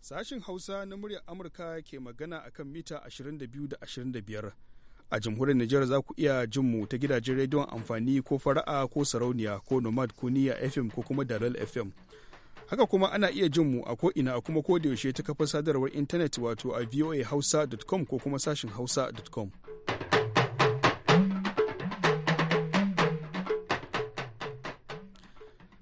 Sashin Hausa na muryar Amurka ke magana akan mita 22 25. A jamhuriyar Nijar za ku iya jin mu ta gidajen rediyon amfani ko fara'a ko sarauniya ko nomad ko niya FM ko kuma dalal FM. Haka kuma ana iya jin mu a ko'ina ina kuma yaushe ta kafar sadarwar intanet wato a voahausa.com ko kuma sashin hausa.com.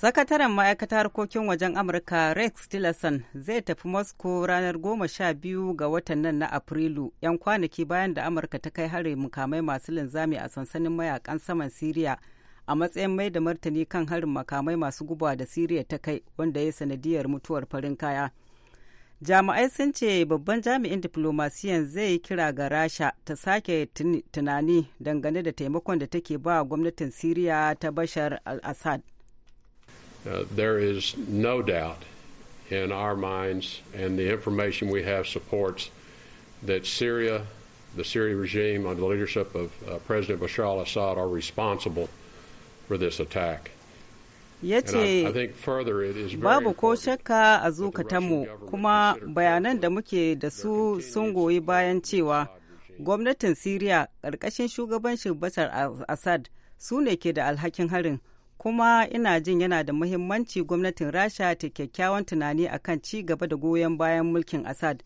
Sakataren ma'aikatar harkokin wajen Amurka Rex Tillerson zai tafi Moscow ranar goma sha biyu ga watan nan na Afrilu, 'yan kwanaki bayan da Amurka ta kai harin mukamai masu linzami a sansanin mayakan saman Siriya a matsayin mai da martani kan harin makamai masu guba da Siriya ta kai wanda ya sanadiyar mutuwar farin kaya. Jami'ai sun ce babban jami'in diplomasiyan zai yi kira ga Rasha ta sake tunani dangane da taimakon da take ba gwamnatin Siriya ta Bashar al-Assad. Uh, there is no doubt in our minds, and the information we have supports that Syria, the Syrian regime, under the leadership of uh, President Bashar al Assad, are responsible for this attack. ya ce babu ko shakka a zukatanmu kuma bayanan da muke da su sun goyi bayan cewa gwamnatin siriya ƙarƙashin shugabancin bashar assad su ne ke da alhakin harin kuma ina jin yana da muhimmanci gwamnatin rasha ta kyakkyawan tunani akan ci gaba da goyon bayan mulkin assad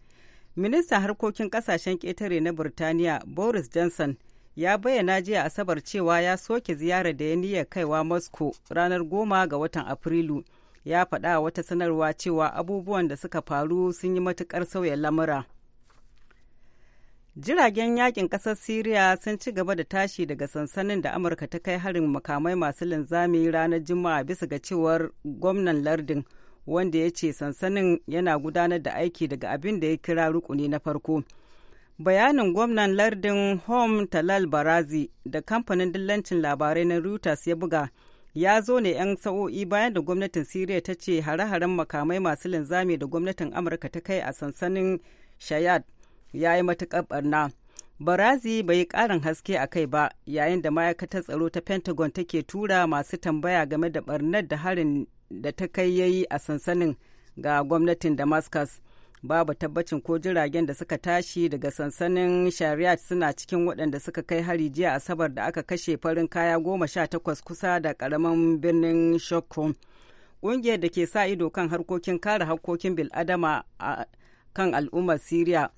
ministan harkokin kasashen ƙetare na burtaniya boris johnson ya bayyana jiya asabar cewa ya soke ziyarar da ya niyyar kaiwa moscow ranar goma ga watan afrilu ya faɗa wata sanarwa cewa abubuwan da suka faru sun yi matuƙar sauya lamura Jiragen yakin kasar Siriya sun ci gaba da tashi daga sansanin da Amurka ta kai harin makamai masu linzami ranar Juma'a bisa ga cewar gwamnan lardin wanda ya ce sansanin yana gudanar da aiki daga abin da ya kira rukuni na farko. Bayanin gwamnan lardin Home Talal Barazi da kamfanin dillancin labarai na Reuters ya buga ya zo ne 'yan sa'o'i bayan da gwamnatin Siriya ta ce hare-haren makamai masu linzami da gwamnatin Amurka ta kai a sansanin Shayad. ya yi matuƙar barna. Barazi bai yi ƙarin haske a kai ba yayin da ma'aikatar tsaro ta Pentagon take tura masu tambaya game da barnar da harin da ta kai yayi a sansanin ga gwamnatin Damascus. Babu tabbacin ko jiragen da suka tashi daga sansanin Shariat suna cikin waɗanda suka kai hari jiya Asabar da aka kashe farin kaya goma sha takwas kusa da ƙaramin birnin Shokron. Ƙungiyar da ke sa ido kan harkokin kare harkokin bil'adama a kan al'ummar Siriya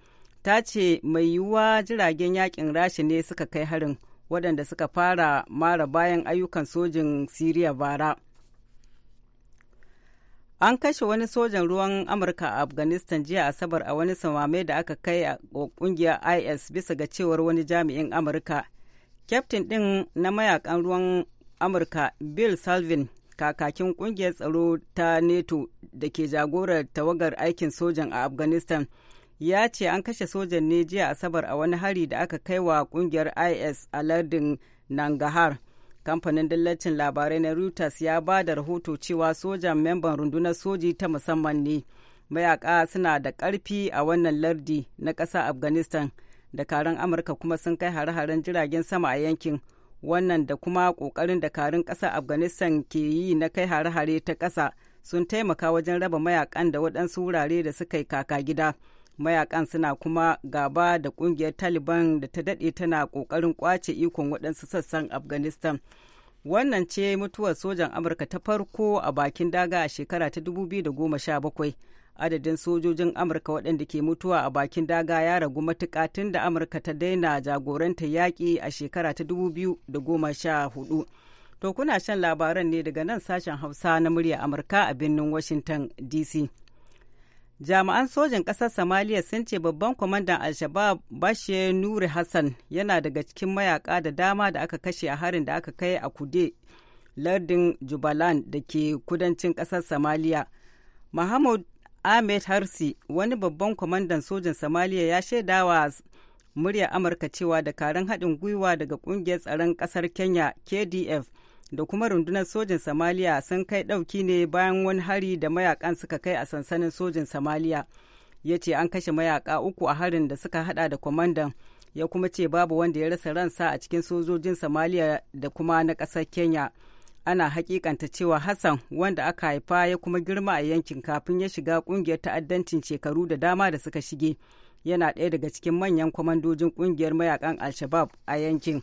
ta ce mai yiwuwa jiragen yakin rashi ne suka kai harin waɗanda suka fara mara bayan ayyukan sojin siriya bara an kashe wani sojan ruwan amurka a afghanistan jiya asabar a wani samame da aka kai a kungiyar is bisa ga cewar wani jami'in amurka kyaftin din na mayakan ruwan amurka bill salvin kakakin kungiyar tsaro ta neto da ke jagorar tawagar aikin sojan a afghanistan ya ce an kashe sojan ne jiya asabar a wani hari da aka kai wa kungiyar is a lardin nangahar kamfanin dillacin labarai na reuters ya ba da rahoto cewa sojan memban rundunar soji ta musamman ne mayaka suna da karfi a wannan lardi na ƙasa afghanistan dakarun amurka kuma sun kai hare-haren jiragen sama a yankin wannan da kuma ƙoƙarin dakarun ƙasa afghanistan ke yi na kai hare-hare ta ƙasa sun taimaka wajen raba mayakan da waɗansu wurare da suka yi kaka gida mayakan suna kuma gaba da kungiyar taliban da ta daɗe tana ƙoƙarin kwace ikon waɗansu sassan afghanistan wannan ce mutuwar sojan amurka ta farko a bakin daga a shekara ta 2017 adadin sojojin amurka waɗanda ke mutuwa a bakin daga ya ragu matuƙa tun da amurka ta daina jagoranta yaƙi a shekara ta 2014 to kuna shan labaran ne daga nan sashen hausa na murya amurka a birnin washington dc jami'an sojan ƙasar somaliya sun ce babban kwamandan al-shabab bashe nuri hassan yana daga cikin mayaka da dama da aka kashe a harin da aka kai a kude lardin jubaland da ke kudancin ƙasar somaliya mahmud ahmed harsi wani babban kwamandan sojan somaliya ya shaida wa muryar amurka cewa dakarun haɗin gwiwa daga ƙungiyar tsaron ƙasar kenya kdf da kuma rundunar sojin Somalia sun kai ɗauki ne bayan wani hari da mayakan suka kai a sansanin sojin Somalia. Ya ce an kashe mayaka uku a harin da suka hada da kwamandan ya kuma ce babu wanda ya rasa ransa a cikin sojojin Somalia da kuma na ƙasar Kenya. Ana hakikanta cewa Hassan wanda aka haifa ya kuma girma a yankin kafin ya shiga ƙungiyar ta'addancin shekaru da dama da suka shige. Yana ɗaya daga cikin manyan kwamandojin ƙungiyar mayakan al a yankin.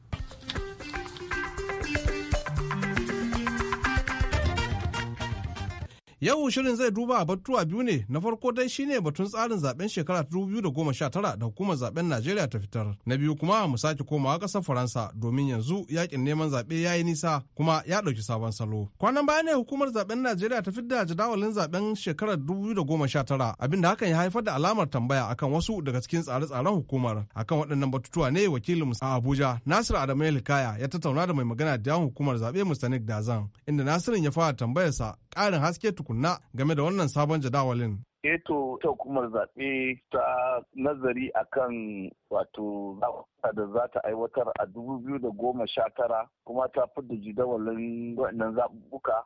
Yau shirin zai duba batutuwa biyu ne na farko dai shine batun tsarin zaben shekara 2019 da hukumar zaben Najeriya ta fitar. Na biyu kuma mu sake komawa ƙasar Faransa domin yanzu yakin neman zaɓe ya yi nisa kuma ya ɗauki sabon salo. Kwanan baya ne hukumar zaben Najeriya ta fitar da jadawalin zaben shekarar 2019 abinda hakan ya haifar da alamar tambaya akan wasu daga cikin tsare-tsaren hukumar. Akan waɗannan batutuwa ne wakilin a Abuja Nasir Adamu Kaya ya tattauna da mai magana da yawon hukumar zaɓe Mustanik Dazan inda Nasirin ya fara tambayarsa ƙarin haske tukunna game da wannan sabon jadawalin. eto eh ta hukumar zaɓe ta nazari a kan wato da za ta aiwatar a tara kuma ta fidda jidawalin waɗannan zaɓuɓɓuka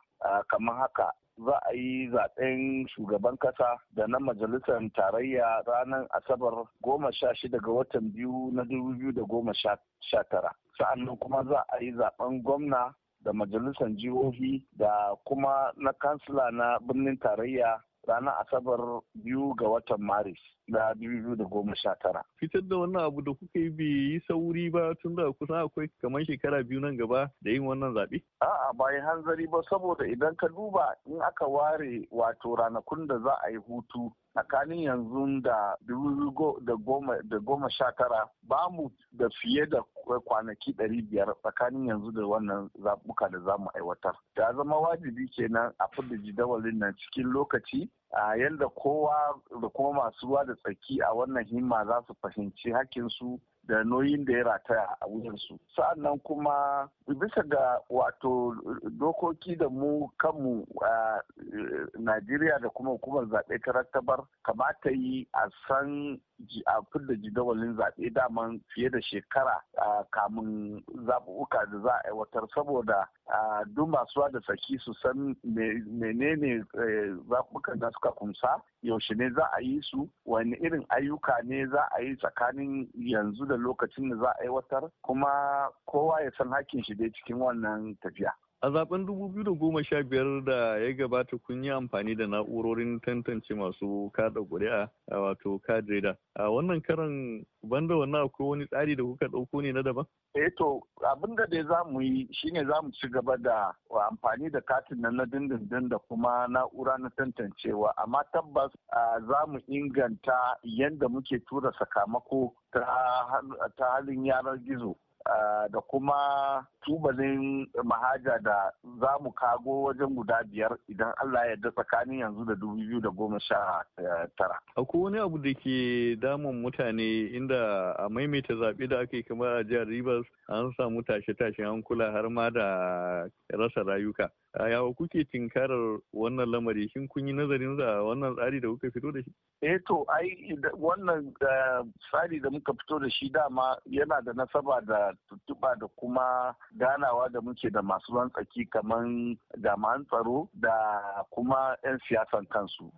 kamar haka za a yi zaɓen shugaban ƙasa da na majalisar tarayya ranar asabar goma sha shida ga watan biyu na dubu biyu da goma sha tara sa'annan kuma za a yi zaɓen gwamna da majalisar jihohi da kuma na kansila na birnin tarayya ranar asabar biyu ga watan maris na biyu da goma sha tara. Fitar da wannan abu da kuka yi bai yi sauri ba tun da kusan akwai kamar shekara biyu nan gaba da yin wannan zaɓe? A'a bayan hanzari ba saboda idan ka duba in aka ware wato ranakun da za a yi hutu tsakanin yanzu da da goma sha tara ba mu da fiye da kwanaki ɗari biyar tsakanin yanzu da wannan zaɓuka da za mu aiwatar. Da zama wajibi kenan a fidda jidawalin nan cikin lokaci a yadda kowa da kuma masu ruwa da tsaki a wannan himma za su fahimci hakkinsu da noyin da ya rataya a Sa'an nan kuma bisa ga wato dokoki da mu kanmu a eh, najeriya da kuma hukumar zaɓe ta rattabar kamata yi a san a fidda jidawalin zaɓe daman fiye da shekara a kamun zaɓuɓɓuka da za a aiwatar saboda duk masu da saki su san menene eh, zaɓuɓɓukan da suka kumsa yaushe ne za a yi su wani irin ayyuka ne za a yi tsakanin yanzu da lokacin da za a aiwatar kuma kowa ya san hakkin shi dai cikin wannan tafiya. A zaben 2015 da ya gabata kun yi amfani da na'urorin tantance masu kada kuri'a a wato kadreda. A wannan karan banda wannan akwai wani tsari da kuka ɗauko ne na daban? Eh to abin dai za mu yi shine za mu ci gaba da amfani da katin na dindindin da kuma na'ura na tantancewa amma tabbas za mu inganta yadda muke tura sakamako ta halin yanar gizo. Ah, da kuma tubalin mahaja da za mu kago wajen guda biyar idan Allah ya yarda tsakanin yanzu da dubu biyu da goma sha eh, Akwai wani abu da ke damun mutane inda a maimaita zaɓe da aka yi kamar a jihar Rivers an samu tashe-tashen hankula har ma da rasa rayuka. yawa kuke tinkarar wannan lamari shin kun yi nazarin za wannan tsari da kuka fito da shi eh to ai wannan eh, tsari da muka fito da shi dama yana da nasaba da tuttuba da kuma ganawa da muke da masu ruwan tsaki kamar jami'an tsaro da kuma 'yan siyasan kansu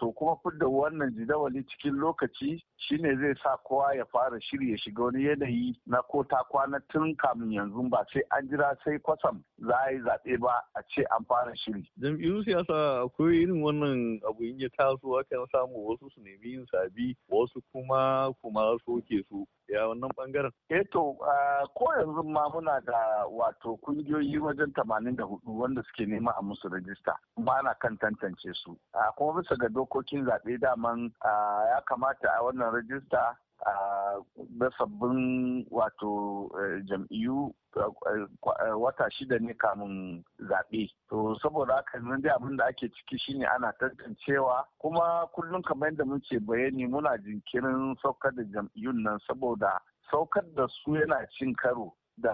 to kuma fidda wannan jidawali cikin lokaci shine zai sa kowa ya fara shirya shiga wani yanayi na ko ta kwana tun kamun yanzu ba sai an jira sai kwasam za a yi zaɓe ba a ce an fara shiri. Jam'iyyun siyasa akwai irin wannan abu in ya taso akan samu wasu su nemi yin sabi wasu kuma kuma soke su ya wannan bangaren. Eto eh ko yanzu ma muna da wato kungiyoyi wajen tamanin da hudu wanda suke nema a musu rajista ba na kan tantance su. Kuma bisa ga dokokin zaɓe daman ya kamata a wannan rajista na sabbin wato eh, jam'iyyu eh, wata shida ne kamun zaɓe. To saboda haka yanzu dai abin da ake ciki shine ana tantancewa kuma kullum kamar yadda muke bayani muna jinkirin saukar da jam'iyyun nan saboda saukar da su yana cin karo da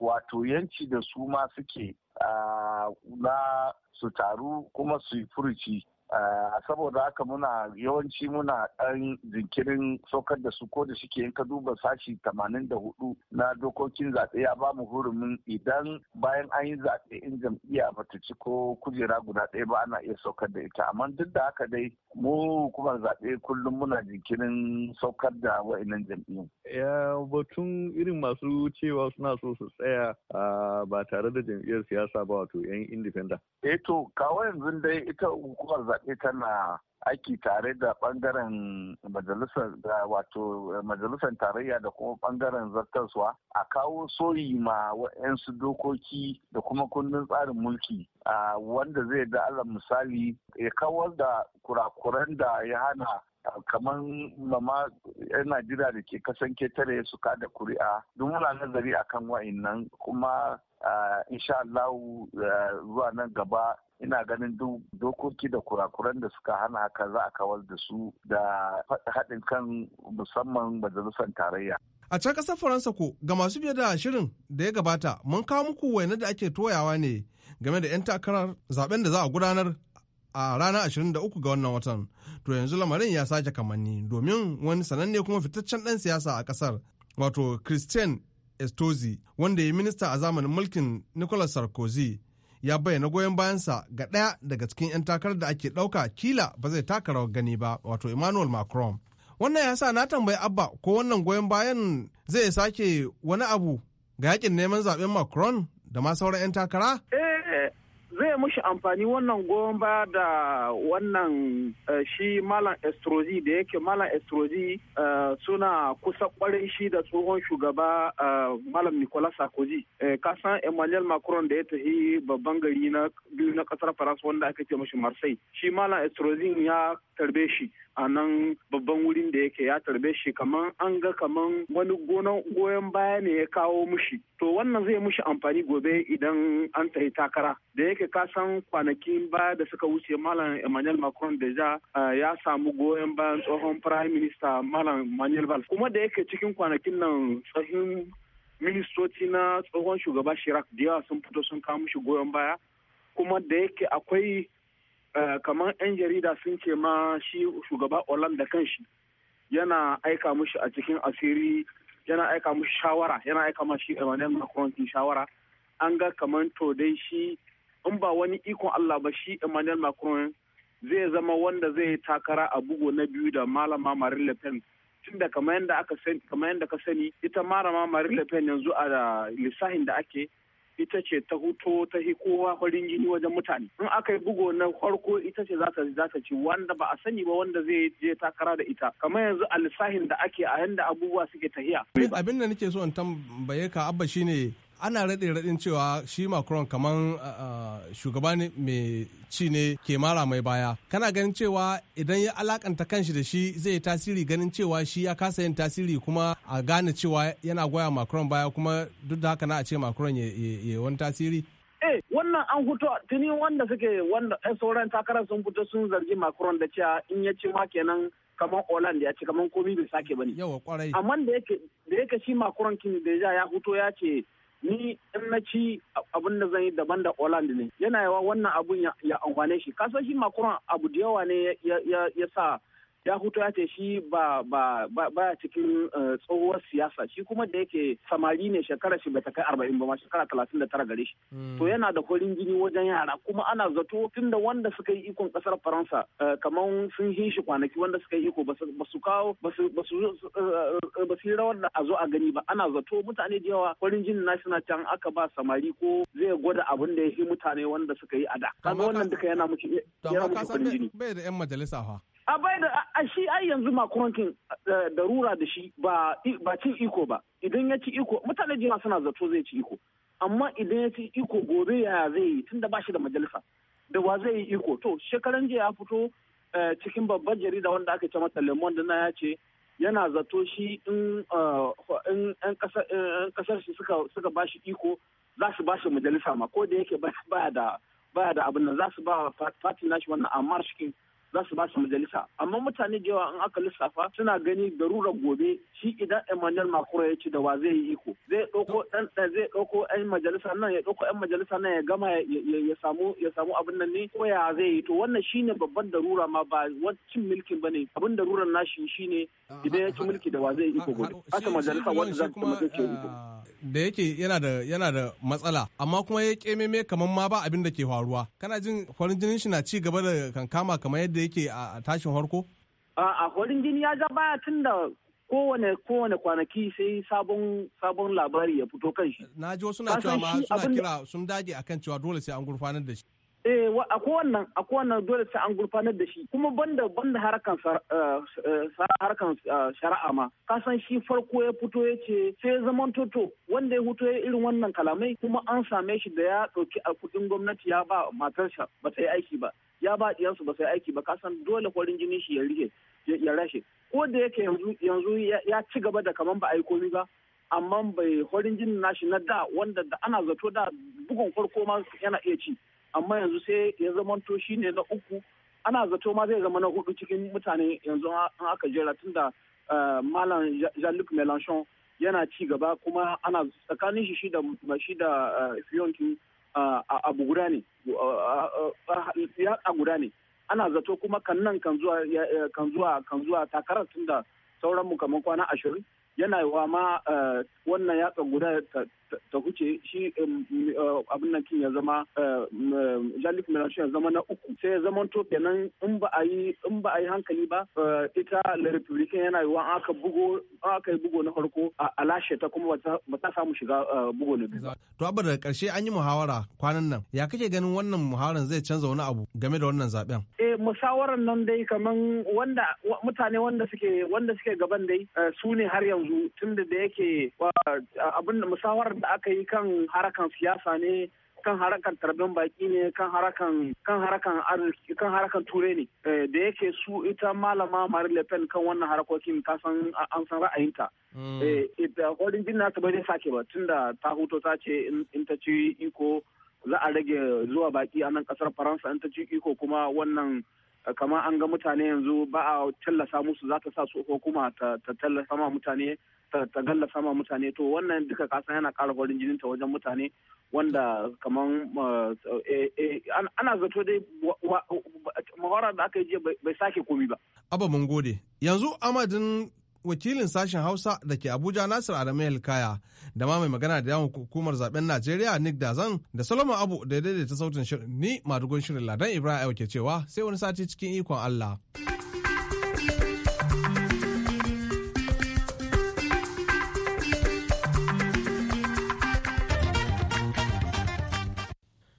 wato yanci da su ma suke ah, na su taru kuma su yi furuci Eh, saboda haka muna yawanci muna ɗan jinkirin saukar da su ko da suke yin ka duba sashi tamanin da hudu na dokokin zaɓe ya ba mu hurumin idan bayan an yi zaɓe in jam'iyya ba ta ci ko kujera guda ɗaya ba ana iya saukar da ita amma duk da haka dai mu hukumar zaɓe kullum muna jinkirin saukar da wa'inan jam'iyyun. ya batun irin masu cewa suna so su tsaya ah, ba tare da jam'iyyar siyasa ba wato yan indifenda. eh to kawo yanzu dai ita hukumar zaɓe zaɓe tana aiki tare da ɓangaren eh, majalisar tarayya da kuma ɓangaren zartaswa a kawo soyi ma wa'yansu dokoki da kuma kundin tsarin mulki a wanda zai da alal misali ya kawar da kurakuran da ya hana kamar mama yan najeriya da ke kasan tare su kada kuri'a duk muna nazari akan wa'innan kuma Ah, insha Allah eh, zuwa nan gaba ina ganin duk dokoki da kurakuran da suka hana haka za a kawar da su da haɗin kan musamman majalisar tarayya. A can ƙasar Faransa ko ga masu biye da shirin da ya gabata mun kawo muku wainar da ake toyawa ne game da 'yan takarar zaben da za a gudanar a ranar 23 ga wannan watan. To yanzu lamarin ya sake kamanni domin wani sananne kuma fitaccen ɗan siyasa a ƙasar wato Christian Estozi wanda ya yi minista a zamanin mulkin Nicolas Sarkozy ya bayyana goyon bayansa ga ɗaya daga cikin 'yan takarar da ake ɗauka kila ba zai taka rawar gani ba wato Emmanuel Macron. Wannan ya sa na tambayi Abba ko wannan goyon bayan zai sake wani abu ga yakin neman zaɓen Macron da ma sauran 'yan takara? Eh, eh zai mushi amfani wannan gomba da wannan eh, shi malam estrozi da yake malam estrozi eh, suna kusa kwarin shi da tsohon shugaba eh, malam nicolas sarkozy kasan emmanuel macron da ya tafi babban gari na biyu na kasar faransa wanda aka ce mashi marseille shi malam estrozi ya tarbe shi a nan babban wurin da yake ya tarbe shi kaman an ga kaman wani goyon baya ne ya kawo mushi to wannan zai mushi amfani gobe idan an tafi takara da yake ka san kwanakin ba da suka wuce Malam Emmanuel Macron deja eh, ya samu goyon bayan tsohon Prime Minister Malam emmanuel Valls. Kuma da yake cikin kwanakin nan tsohon ministoci na tsohon shugaba shirak da yawa sun fito sun kawo mushi goyon baya. Kuma da yake akwai eh, kamar 'yan jarida sun ce ma shi shugaba Olam da kanshi yana aika mushi a cikin asiri yana aika mushi shawara yana aika mashi Emmanuel Macron shawara. an ga kamar to dai shi in ba wani ikon Allah ba shi Emmanuel Macron zai zama wanda zai yi takara a bugo na biyu da malama Marine Le Pen tunda kamar yadda aka sani yadda ka sani ita malama Marine Le Pen yanzu a lissahin da ake ita ce ta huto ta hi kowa farin jini wajen mutane in aka yi bugu na farko ita ce zata zata ci wanda ba a sani ba wanda zai je takara da ita kamar yanzu a lissahin da ake a yanda abubuwa suke tahiya abin da nake so in tambaye ka abba shine ana raɗe raɗin cewa shi macron kaman shugaba ne mai ci ne ke mara mai baya kana ganin cewa idan ya alakanta kanshi da shi zai tasiri ganin cewa shi ya kasa yin tasiri kuma a gane cewa yana goya macron baya kuma duk da haka na a ce macron ya wani tasiri eh wannan an hutu tuni wanda suke wanda sauran takarar sun fito sun zargi macron da cewa in ya ci ma kenan kamar Holland ya ci kamar komi bai sake bane. Yawa kwarai. Amma da yake da yake shi Macron kin da ya huto ya ce ni in na ci abin da zan yi daban da Holland ne yana yawa wannan abun ya amfane shi kasashen shi Macron abu da yawa ne ya sa ya hutu ya ce shi ba ba cikin eh, tsohuwar siyasa shi kuma da yake samari ne shekara shi bata kai arba'in ba ma shekara talatin da tara gare shi hmm. to yana da horin jini wajen yara kuma ana zato tun da wanda suka yi ikon kasar faransa eh, kamar sun yi shi kwanaki wanda suka yi iko ba su kawo eh, ba su yi rawar da a zo a gani ba ana zato mutane da yawa horin jini na suna can aka ba samari ko zai gwada abin da ya yi mutane wanda suka yi a da kaga wannan duka yana muke yana muke horin jini bai da yan majalisa fa a bai da a shi ai yanzu makurantin eh, da rura da shi ba cin iko ba idan ya ci iko mutane jima suna zato zai ci iko amma idan ya ci iko gobe ya zai yi tunda ba shi da majalisa da wa zai yi iko to shekaran jiya ya fito eh, cikin babban jarida wanda aka ce mata lemon da na ya ce yana zato shi in eh, kasar shi suka ba shi iko za su ba shi majalisa ma ko da yake baya da abin nan za su ba fatin nashi wannan amma shi za su ba su majalisa amma mutane da yawa in aka lissafa suna gani garurar gobe shi idan Emmanuel Macron ya ci da wa zai yi iko zai ɗauko ɗan zai ɗauko ɗan majalisa nan ya ɗauko ɗan majalisa nan ya gama ya samu ya samu abin nan ne ko ya zai yi to wannan shine babban darura ma ba cin mulkin bane abin darurar nashi shine idan ya ci mulki da wa zai yi iko gobe ah, ah, ah, haka majalisa wanda za ta majalisa iko da yake yana da yana da matsala amma kuma ya kememe kamar ma ba abin da ke faruwa kana jin farin jinin shi na ci gaba da kankama kamar yadda yake a tashin harko? A horin jini ya ja baya tun da kowane kowane kwanaki sai sabon sabon labari ya fito kan shi. Na ji wasu na cewa ma suna kira sun dage akan cewa dole sai an gurfanar da shi. eh akwai wannan akwai wannan dole sai an gurfanar da shi kuma banda banda harkan eh, eh, harkan eh, shari'a ma ka san shi farko ya fito ya ce sai zaman toto wanda ya fito ya irin wannan kalamai kuma an same shi da ya ɗauki a kuɗin gwamnati ya ba matarsa ba ta yi aiki ba ya ba ɗiyansu ba sai aiki ba ka san dole farin jini shi ya rike ya rashe ko da yake yanzu yanzu ya ci gaba da kaman ba a yi komi ba amma bai horin jinin nashi na da wanda da ana zato da bugun farko ma yana iya ci amma yanzu sai ya zamanto shi ne na uku ana zato ma zai zama na hudu cikin mutane yanzu an aka jera da eh, malam jean-luc melanchon yana ci gaba kuma ana tsakanin shi da shi da eh, fiyonkin eh, a guda ne ana zato kuma kan nan kan zuwa kan zuwa takarar tun da sauran mu kamar kwana ashirin yana wa ma wannan yatsa guda ta huce shi um, uh, abin nan kin ya zama um, um, jalif ya zama na uku sai ya zama to kenan in ba a yi in ba a yi hankali ba uh, ita la republican yana yi an aka bugo an aka yi bugo na farko a lashe ta kuma ba ta samu shiga uh, bugo na biyu to abin da karshe an yi muhawara kwanan nan ya kake ganin wannan muhawaran zai canza wani abu game da wannan zaben eh musawaran nan dai kaman wanda mutane wanda suke wanda suke gaban dai su ne har yanzu tunda da yake abin da musawarar da aka yi kan harakan siyasa ne kan harakan tarbin baki ne kan harakan kan harakan arziki kan harakan ture ne eh, da yake su ita malama Marie Le Pen kan wannan harakokin ta san an san ra'ayinta hmm. eh da kodin jin nata bai sake ba tunda ta huto ta ce in ta ci iko za a rage zuwa baki a nan kasar Faransa in ta ci iko kuma wannan kamar an ga mutane yanzu ba a tallasa musu za ta sa su hukuma ta tallasa ma mutane ta gallasa ma mutane to wannan duka kasan yana ƙara farin jinin ta wajen mutane wanda kamar eh, eh, eh, ana zato dai mawarar da aka yi jiya bai sake komi ba. Aba mun gode. Yanzu amadin wakilin sashen Hausa da ke Abuja Nasir Adamu Hilkaya da ma mai magana da yawon hukumar zaben Najeriya Nick Dazan da Solomon Abu da ya daidaita sautin shirin ni madugon shirin Ladan Ibrahim ke cewa sai wani sati cikin ikon Allah.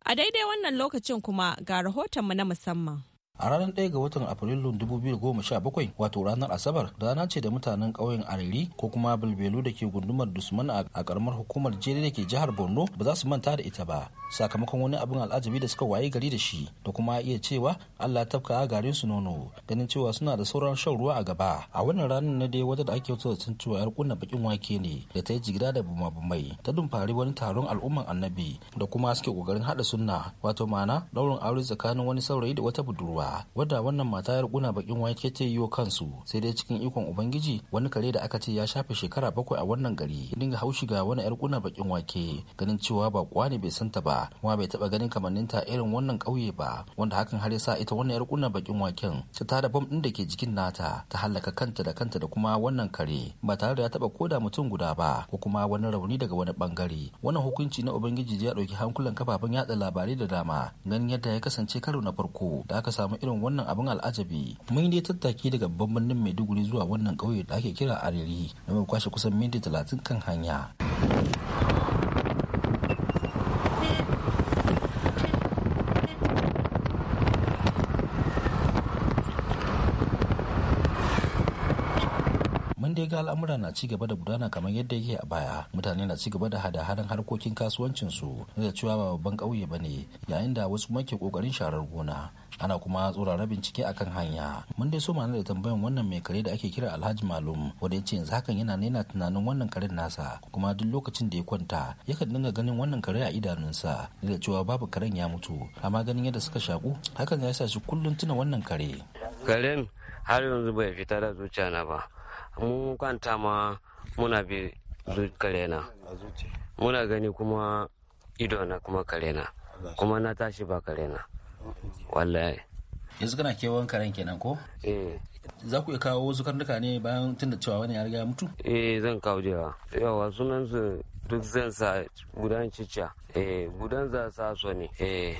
A daidai wannan lokacin kuma ga rahotonmu na musamman. a ranar 1 ga watan afrilun 2017 wato ranar asabar rana ce da mutanen ƙauyen ariri ko kuma bilbelu da ke gundumar dusman a karamar hukumar jere da ke jihar borno ba za su manta da ita ba sakamakon wani abin al'ajabi da suka waye gari da shi da kuma iya cewa allah tafka garin su nono ganin cewa suna da sauran shan ruwa a gaba a wannan ranar na dai wata da ake wata da cewa yar kunna bakin wake ne da ta yi jigida da bumabumai ta dumfari wani taron al'umman annabi da kuma suke kokarin hada sunna wato ma'ana daurin aure tsakanin wani saurayi da wata budurwa ba wadda wannan mata yar kuna bakin wake ta yiwo kansu sai dai cikin ikon ubangiji wani kare da aka ce ya shafe shekara bakwai a wannan gari ya dinga haushi ga wani yar kuna bakin wake ganin cewa ba kwani bai santa ba kuma bai taba ganin kamanninta irin wannan kauye ba wanda hakan har sa ita wannan yar kuna bakin waken ta tada bom din da ke jikin nata ta halaka kanta da kanta da kuma wannan kare ba tare da ya taba koda mutum guda ba ko kuma wani rauni daga wani bangare wannan hukunci na ubangiji ya dauki hankulan kafafen yatsa labarai da dama ganin yadda ya kasance karo na farko da aka samu samu irin wannan abin al'ajabi mun dai tattaki daga babban birnin maiduguri zuwa wannan ƙauye da ake kira ariri da mu kwashe kusan minti talatin kan hanya dai ga al'amura na ci gaba da gudana kamar yadda yake a baya mutane na ci gaba da hada-hadan harkokin kasuwancinsu su da cewa ba babban ƙauye ba ne yayin da wasu ke kokarin sharar gona ana kuma tsorara bincike akan hanya mun dai so mana da tambayan wannan mai kare da ake kira alhaji malum wanda ya ce yanzu hakan yana nena tunanin wannan karen nasa kuma duk lokacin da ya kwanta yakan dinga ganin wannan kare a idanunsa da cewa babu karen ya mutu amma ganin yadda suka shaku hakan ya sa shi kullum tuna wannan kare karen har yanzu bai fita da zuciya na ba mun kwanta ma muna bi kare na muna gani kuma ido na kuma kare na kuma na tashi ba kare na wallahi yanzu kana kewan karen kenan ko eh za ku iya kawo wasu karnuka ne bayan tun da cewa wani ya riga ya mutu eh zan kawo jewa yawa sunan su duk zan sa gudan cicca eh gudan za sa so ne eh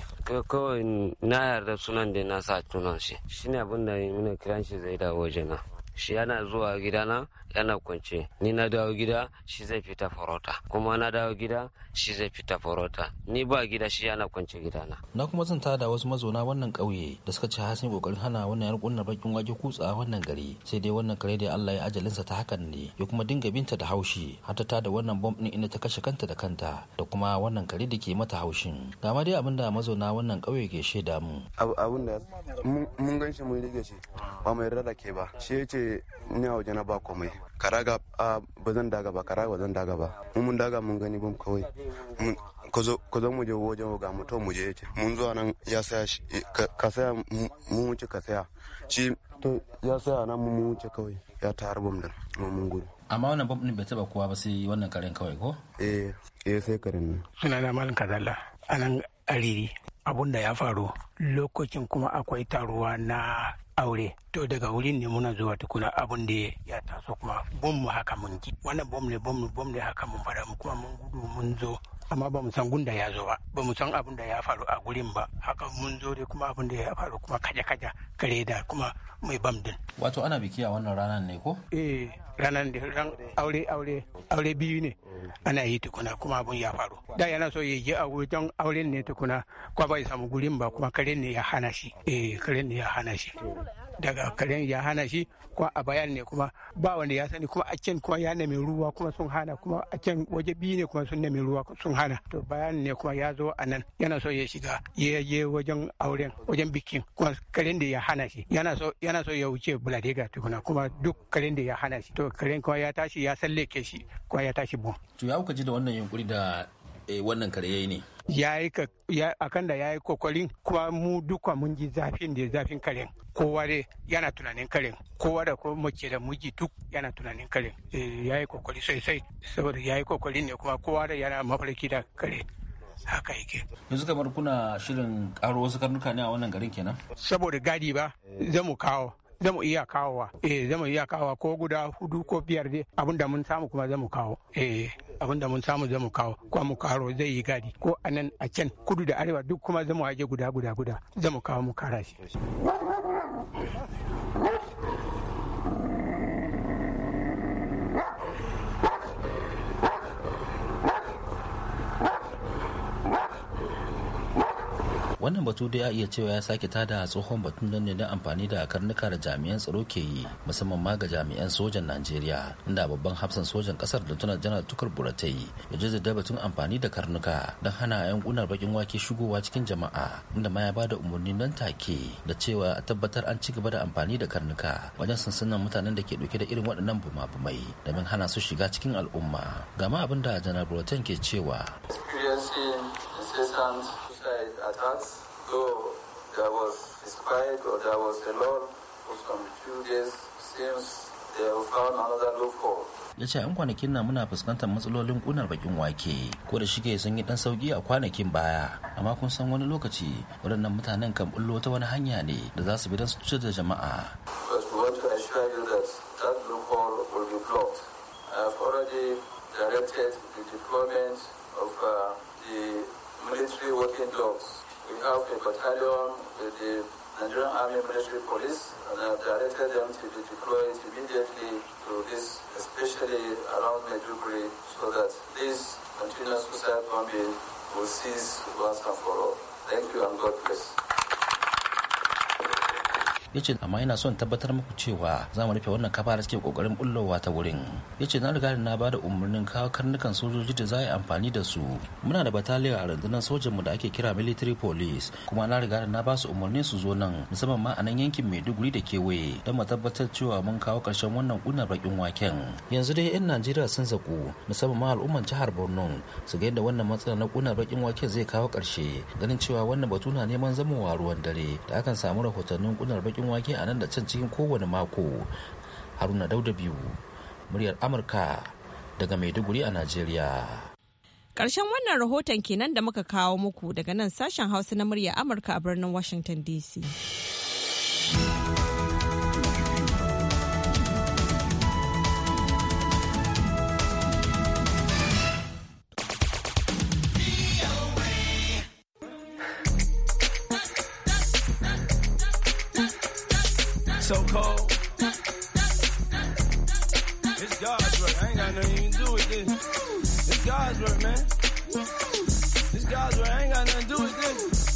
kawai na yarda sunan da na sa tunan shi shine abin da muna kiran shi zai dawo jana shi yana zuwa gidana yana kwance ni na dawo gida shi zai fita farauta kuma na dawo gida shi zai fita farauta ni ba gida shi yana kwance gidana na kuma zan tada wasu mazauna wannan ƙauye da suka ci hasin kokarin hana wannan yar kunnar bakin wake kutsa wannan gari sai dai wannan kare da Allah ya ajalinsa ta hakan ne ya kuma dinga binta da haushi har ta tada wannan bomb din inda ta kashe kanta da kanta da kuma wannan kare da ke mata haushin ga ma dai abinda mazauna wannan ƙauye ke shaida mu abun da mun ganshi mun rige shi ba mai ke ba shi yace ce ni a waje ba komai karaga a ba zan daga ba karaga bazan zan daga ba mun daga mun gani bam kawai ko zo mu je wajen ga mutum mu je mun zuwa nan ya saya ka saya mun wuce ka saya shi to ya saya nan mun wuce kawai ya tar harbom din mun gudu amma wannan bam din bai taba kowa ba sai wannan karen kawai ko eh eh sai karen ne suna na malin kazalla anan ariri abun da ya faru lokacin kuma akwai taruwa na aure to daga wurin ne muna zuwa tukuna abin da ya taso kuma bom mu haka mun ji wannan bom ne bom ne bom ne haka mun fara mu kuma mun gudu mun zo amma ba mu san gunda ya zo ba ba mu san abin da ya faru a gurin ba haka mun zo dai kuma abin da ya faru kuma kaja kaja kare da kuma mai bam din wato ana biki a wannan ranar ne ko eh ranar da ran aure aure aure biyu ne ana yi tukuna kuma abin ya faru da yana so ya je a wajen auren ne tukuna kuma bai samu gurin ba kuma karen ne ya hana shi eh karen ne ya hana shi daga karen ya hana shi kuma a bayan ne kuma ba wanda ya sani kuma aken kuma ya nemi ruwa kuma sun hana kuma aken waje biyu ne kuma sun nemi ruwa sun hana to bayan ne kuma ya zo a nan yana so ya shiga ya je wajen auren wajen bikin kuma karen da ya hana shi yana so yana so ya wuce buladega tukuna kuma duk karen da ya hana shi to karen kuma ya tashi ya sallake shi kuma ya tashi bon to ya kuka ji da wannan yunkuri da eh, wannan kare ya yi ne ya yi akan da ya yi kokarin kuma mu duka mun ji zafin da zafin karen kowa dai yana tunanin karen kowa da kuma mace da muji duk yana tunanin karen eh, ya yi kokari sosai saboda ya yi kokari ne kuma kowa da yana mafarki da kare haka yake. Yanzu kamar kuna shirin karo wasu karnuka ne a wannan garin kenan? Saboda gadi ba zamu kawo. zamu iya kawowa eh zamu iya kawowa ko guda hudu ko biyar dai abinda mun samu kuma zamu kawo eh abin da mun samu zamu kawo ko mu karo zai yi gadi ko a nan a can kudu da arewa duk kuma zamu haje guda guda guda zamu kawo mu kara shi wannan batu dai a iya cewa ya sake tada tsohon batun nan ne na amfani da karnuka da jami'an tsaro ke yi musamman ma ga jami'an sojan najeriya inda babban hafsan sojan kasar da tunan janar tukar buratai ya jaddada batun amfani da karnuka don hana yan kunar bakin wake shigowa cikin jama'a inda ma ya ba da umarni nan take da cewa a tabbatar an ci gaba da amfani da karnuka wajen sansanin mutanen da ke dauke da irin waɗannan bumabumai domin hana su shiga cikin al'umma ga ma abin da janar buratai ke cewa at hearts, though there was despite or there was a law was confused since they have found another loophole. ya ce 'yan kwanakin na muna fuskantar matsalolin kunar bakin wake ko da shige sun yi dan sauki a kwanakin baya amma kun san wani lokaci waɗannan mutanen kan bullo ta wani hanya ne da za su bi don su cutar da jama'a directed the of uh, the military working dogs We have a battalion with the Nigerian Army Military Police, and I have directed them to be deployed immediately to this, especially around Maiduguri, so that this continuous suicide bombing will cease once and for all. Thank you and God bless. ya ce amma ina son tabbatar muku cewa za mu rufe wannan kafa da suke kokarin bullowa ta wurin ya ce na riga da na ba da umarnin kawo karnukan sojoji da za a yi amfani da su muna da bataliya a rundunar sojanmu da ake kira military police kuma na riga da na ba su umarnin su zo nan musamman ma a nan yankin maiduguri da kewaye don mu tabbatar cewa mun kawo karshen wannan kunar bakin waken yanzu dai 'yan najeriya sun zaku musamman ma al'umman jihar borno su ga yadda wannan matsala na kunar bakin waken zai kawo karshe ganin cewa wannan batu na neman zama ruwan dare da akan samu rahotannin kunar bakin bakin wake a nan da can cikin kowane mako haruna dauda biyu muryar amurka daga maiduguri a najeriya Ƙarshen wannan rahoton kenan da muka kawo muku daga nan sashen hausa na murya amurka a birnin washington dc so cold. It's God's work. I ain't got nothing to do with this. It's God's work, man. It's God's work. I ain't got nothing to do with this.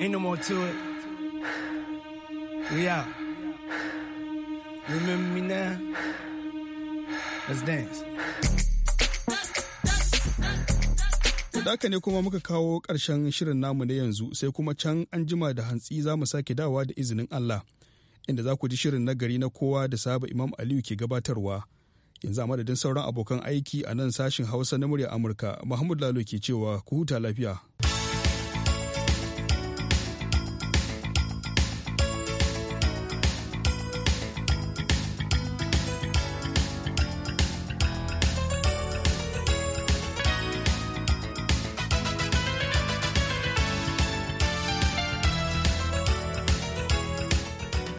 Ain't no more to it. We out. Remember me now? Let's dance. Da haka ne kuma muka kawo ƙarshen shirin namu na yanzu sai kuma can an jima da hantsi za mu sake dawa da izinin Allah inda za ku ji shirin na gari na kowa da saba Imam Aliyu ke gabatarwa. Yanzu a madadin sauran abokan aiki a nan sashin Hausa na murya Amurka, Muhammadu Lalo ke cewa ku huta lafiya.